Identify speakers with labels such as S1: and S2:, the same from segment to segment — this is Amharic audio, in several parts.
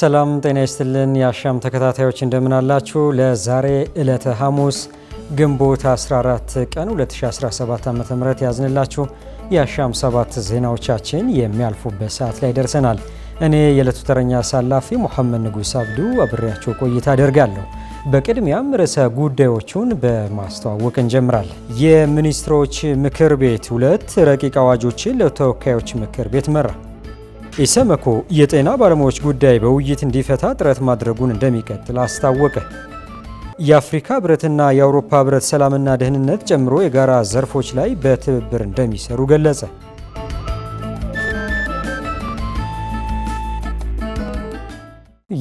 S1: ሰላም ጤና ይስጥልን የአሻም ተከታታዮች እንደምናላችሁ። ለዛሬ ዕለተ ሐሙስ ግንቦት 14 ቀን 2017 ዓ ም ያዝንላችሁ የአሻም ሰባት ዜናዎቻችን የሚያልፉበት ሰዓት ላይ ደርሰናል። እኔ የዕለቱ ተረኛ አሳላፊ ሙሐመድ ንጉስ አብዱ አብሬያቸው ቆይታ አደርጋለሁ። በቅድሚያም ርዕሰ ጉዳዮቹን በማስተዋወቅ እንጀምራለን። የሚኒስትሮች ምክር ቤት ሁለት ረቂቅ አዋጆችን ለተወካዮች ምክር ቤት መራ። ኢሰመኮ የጤና ባለሙያዎች ጉዳይ በውይይት እንዲፈታ ጥረት ማድረጉን እንደሚቀጥል አስታወቀ። የአፍሪካ ህብረትና የአውሮፓ ህብረት ሰላምና ደህንነት ጨምሮ የጋራ ዘርፎች ላይ በትብብር እንደሚሰሩ ገለጸ።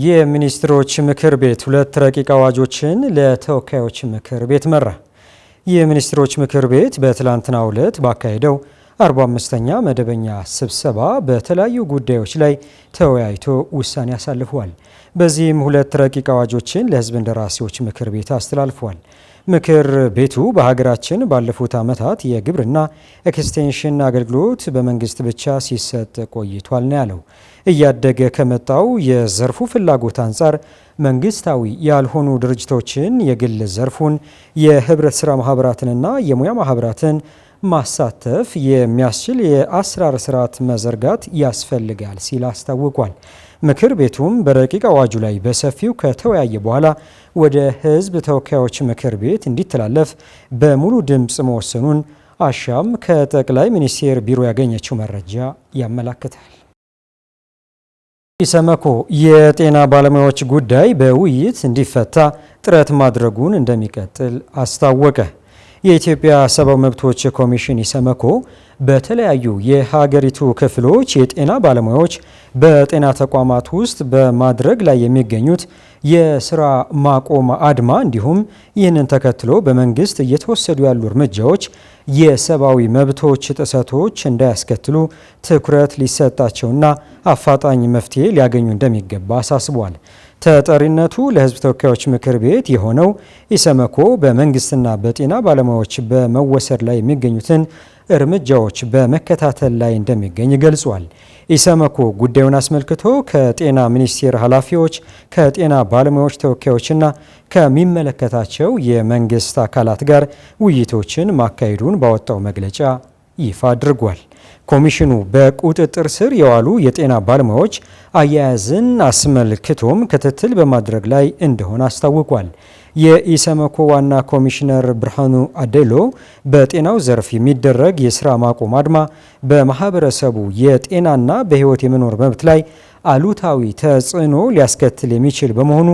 S1: የሚኒስትሮች ምክር ቤት ሁለት ረቂቅ አዋጆችን ለተወካዮች ምክር ቤት መራ። የሚኒስትሮች ምክር ቤት በትላንትናው ዕለት ባካሄደው አርባ አምስተኛ መደበኛ ስብሰባ በተለያዩ ጉዳዮች ላይ ተወያይቶ ውሳኔ አሳልፏል። በዚህም ሁለት ረቂቅ አዋጆችን ለሕዝብ እንደራሴዎች ምክር ቤት አስተላልፏል። ምክር ቤቱ በሀገራችን ባለፉት ዓመታት የግብርና ኤክስቴንሽን አገልግሎት በመንግስት ብቻ ሲሰጥ ቆይቷል ነው ያለው። እያደገ ከመጣው የዘርፉ ፍላጎት አንጻር መንግስታዊ ያልሆኑ ድርጅቶችን፣ የግል ዘርፉን፣ የህብረት ስራ ማህበራትንና የሙያ ማህበራትን ማሳተፍ የሚያስችል የአሰራር ስርዓት መዘርጋት ያስፈልጋል ሲል አስታውቋል። ምክር ቤቱም በረቂቅ አዋጁ ላይ በሰፊው ከተወያየ በኋላ ወደ ሕዝብ ተወካዮች ምክር ቤት እንዲተላለፍ በሙሉ ድምፅ መወሰኑን አሻም ከጠቅላይ ሚኒስቴር ቢሮ ያገኘችው መረጃ ያመላክታል። ኢሰመኮ የጤና ባለሙያዎች ጉዳይ በውይይት እንዲፈታ ጥረት ማድረጉን እንደሚቀጥል አስታወቀ። የኢትዮጵያ ሰብአዊ መብቶች ኮሚሽን ኢሰመኮ በተለያዩ የሀገሪቱ ክፍሎች የጤና ባለሙያዎች በጤና ተቋማት ውስጥ በማድረግ ላይ የሚገኙት የስራ ማቆም አድማ እንዲሁም ይህንን ተከትሎ በመንግስት እየተወሰዱ ያሉ እርምጃዎች የሰብአዊ መብቶች ጥሰቶች እንዳያስከትሉ ትኩረት ሊሰጣቸውና አፋጣኝ መፍትሄ ሊያገኙ እንደሚገባ አሳስቧል። ተጠሪነቱ ለህዝብ ተወካዮች ምክር ቤት የሆነው ኢሰመኮ በመንግስትና በጤና ባለሙያዎች በመወሰድ ላይ የሚገኙትን እርምጃዎች በመከታተል ላይ እንደሚገኝ ገልጿል። ኢሰመኮ ጉዳዩን አስመልክቶ ከጤና ሚኒስቴር ኃላፊዎች፣ ከጤና ባለሙያዎች ተወካዮችና ከሚመለከታቸው የመንግስት አካላት ጋር ውይይቶችን ማካሄዱን ባወጣው መግለጫ ይፋ አድርጓል። ኮሚሽኑ በቁጥጥር ስር የዋሉ የጤና ባለሙያዎች አያያዝን አስመልክቶም ክትትል በማድረግ ላይ እንደሆነ አስታውቋል። የኢሰመኮ ዋና ኮሚሽነር ብርሃኑ አዴሎ በጤናው ዘርፍ የሚደረግ የስራ ማቆም አድማ በማህበረሰቡ የጤናና በህይወት የመኖር መብት ላይ አሉታዊ ተጽዕኖ ሊያስከትል የሚችል በመሆኑ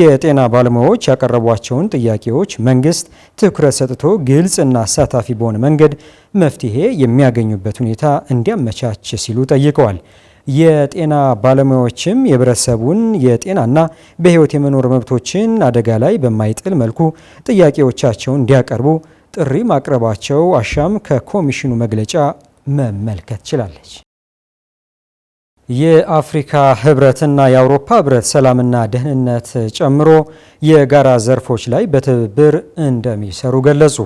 S1: የጤና ባለሙያዎች ያቀረቧቸውን ጥያቄዎች መንግስት ትኩረት ሰጥቶ ግልጽና አሳታፊ በሆነ መንገድ መፍትሄ የሚያገኙበት ሁኔታ እንዲያመቻች ሲሉ ጠይቀዋል። የጤና ባለሙያዎችም የህብረተሰቡን የጤናና በህይወት የመኖር መብቶችን አደጋ ላይ በማይጥል መልኩ ጥያቄዎቻቸውን እንዲያቀርቡ ጥሪ ማቅረባቸው አሻም ከኮሚሽኑ መግለጫ መመልከት ችላለች። የአፍሪካ ህብረትና የአውሮፓ ህብረት ሰላምና ደህንነት ጨምሮ የጋራ ዘርፎች ላይ በትብብር እንደሚሰሩ ገለጹ።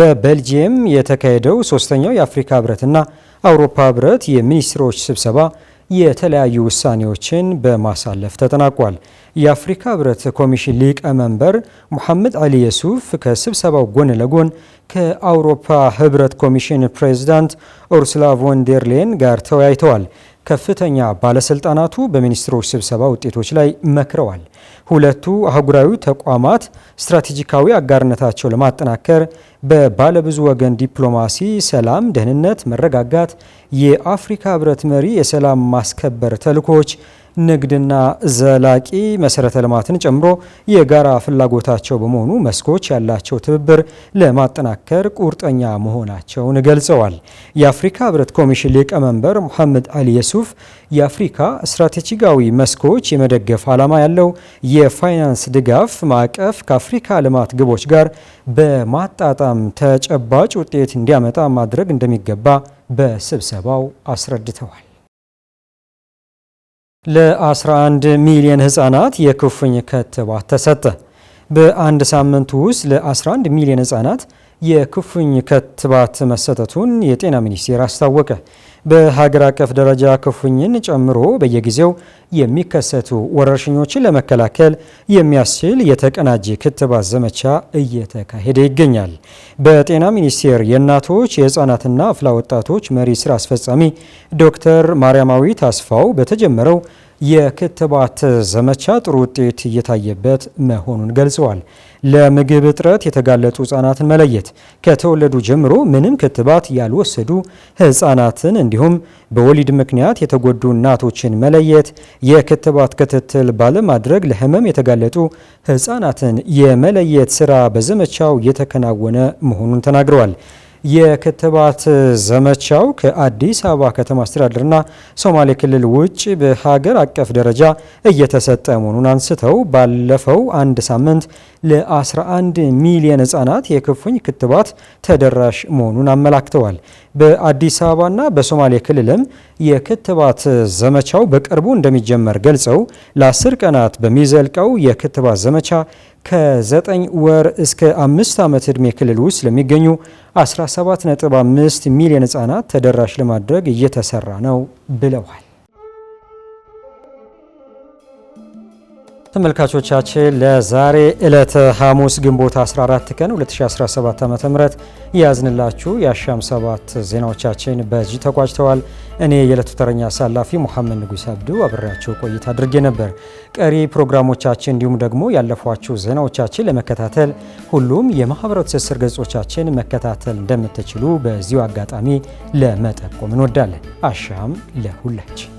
S1: በቤልጅየም የተካሄደው ሶስተኛው የአፍሪካ ህብረትና አውሮፓ ህብረት የሚኒስትሮች ስብሰባ የተለያዩ ውሳኔዎችን በማሳለፍ ተጠናቋል። የአፍሪካ ህብረት ኮሚሽን ሊቀመንበር ሙሐመድ አሊ የሱፍ ከስብሰባው ጎን ለጎን ከአውሮፓ ህብረት ኮሚሽን ፕሬዚዳንት ኡርሱላ ቮን ጋር ተወያይተዋል። ከፍተኛ ባለስልጣናቱ በሚኒስትሮች ስብሰባ ውጤቶች ላይ መክረዋል። ሁለቱ አህጉራዊ ተቋማት ስትራቴጂካዊ አጋርነታቸው ለማጠናከር በባለብዙ ወገን ዲፕሎማሲ፣ ሰላም፣ ደህንነት፣ መረጋጋት፣ የአፍሪካ ህብረት መሪ የሰላም ማስከበር ተልዕኮች ንግድና ዘላቂ መሰረተ ልማትን ጨምሮ የጋራ ፍላጎታቸው በመሆኑ መስኮች ያላቸው ትብብር ለማጠናከር ቁርጠኛ መሆናቸውን ገልጸዋል። የአፍሪካ ህብረት ኮሚሽን ሊቀመንበር ሙሐመድ አሊ የሱፍ የአፍሪካ ስትራቴጂካዊ መስኮች የመደገፍ ዓላማ ያለው የፋይናንስ ድጋፍ ማዕቀፍ ከአፍሪካ ልማት ግቦች ጋር በማጣጣም ተጨባጭ ውጤት እንዲያመጣ ማድረግ እንደሚገባ በስብሰባው አስረድተዋል። ለ11 ሚሊዮን ህጻናት የኩፍኝ ክትባት ተሰጠ። በአንድ ሳምንት ውስጥ ለ11 ሚሊዮን ህጻናት የኩፍኝ ክትባት መሰጠቱን የጤና ሚኒስቴር አስታወቀ። በሀገር አቀፍ ደረጃ ክፉኝን ጨምሮ በየጊዜው የሚከሰቱ ወረርሽኞችን ለመከላከል የሚያስችል የተቀናጀ ክትባት ዘመቻ እየተካሄደ ይገኛል። በጤና ሚኒስቴር የእናቶች የህፃናትና አፍላ ወጣቶች መሪ ስራ አስፈጻሚ ዶክተር ማርያማዊ ታስፋው በተጀመረው የክትባት ዘመቻ ጥሩ ውጤት እየታየበት መሆኑን ገልጸዋል። ለምግብ እጥረት የተጋለጡ ህጻናትን መለየት፣ ከተወለዱ ጀምሮ ምንም ክትባት ያልወሰዱ ህጻናትን እንዲሁም በወሊድ ምክንያት የተጎዱ እናቶችን መለየት፣ የክትባት ክትትል ባለማድረግ ለህመም የተጋለጡ ህጻናትን የመለየት ስራ በዘመቻው የተከናወነ መሆኑን ተናግረዋል። የክትባት ዘመቻው ከአዲስ አበባ ከተማ አስተዳደርና ሶማሌ ክልል ውጭ በሀገር አቀፍ ደረጃ እየተሰጠ መሆኑን አንስተው ባለፈው አንድ ሳምንት ለ11 ሚሊየን ህጻናት የክፉኝ ክትባት ተደራሽ መሆኑን አመላክተዋል። በአዲስ አበባና በሶማሌ ክልልም የክትባት ዘመቻው በቅርቡ እንደሚጀመር ገልጸው ለአስር ቀናት በሚዘልቀው የክትባት ዘመቻ ከዘጠኝ ወር እስከ አምስት ዓመት ዕድሜ ክልል ውስጥ ለሚገኙ 17.5 ሚሊዮን ህጻናት ተደራሽ ለማድረግ እየተሰራ ነው ብለዋል። ተመልካቾቻችን ለዛሬ ዕለተ ሐሙስ ግንቦት 14 ቀን 2017 ዓ.ም ያዝንላችሁ የአሻም ሰባት ዜናዎቻችን በዚህ ተቋጭተዋል። እኔ የዕለቱ ተረኛ አሳላፊ ሙሐመድ ንጉስ አብዱ አብሬያችሁ ቆይታ አድርጌ ነበር። ቀሪ ፕሮግራሞቻችን እንዲሁም ደግሞ ያለፏችሁ ዜናዎቻችን ለመከታተል ሁሉም የማህበራዊ ትስስር ገጾቻችን መከታተል እንደምትችሉ በዚሁ አጋጣሚ ለመጠቆም እንወዳለን። አሻም ለሁላችን!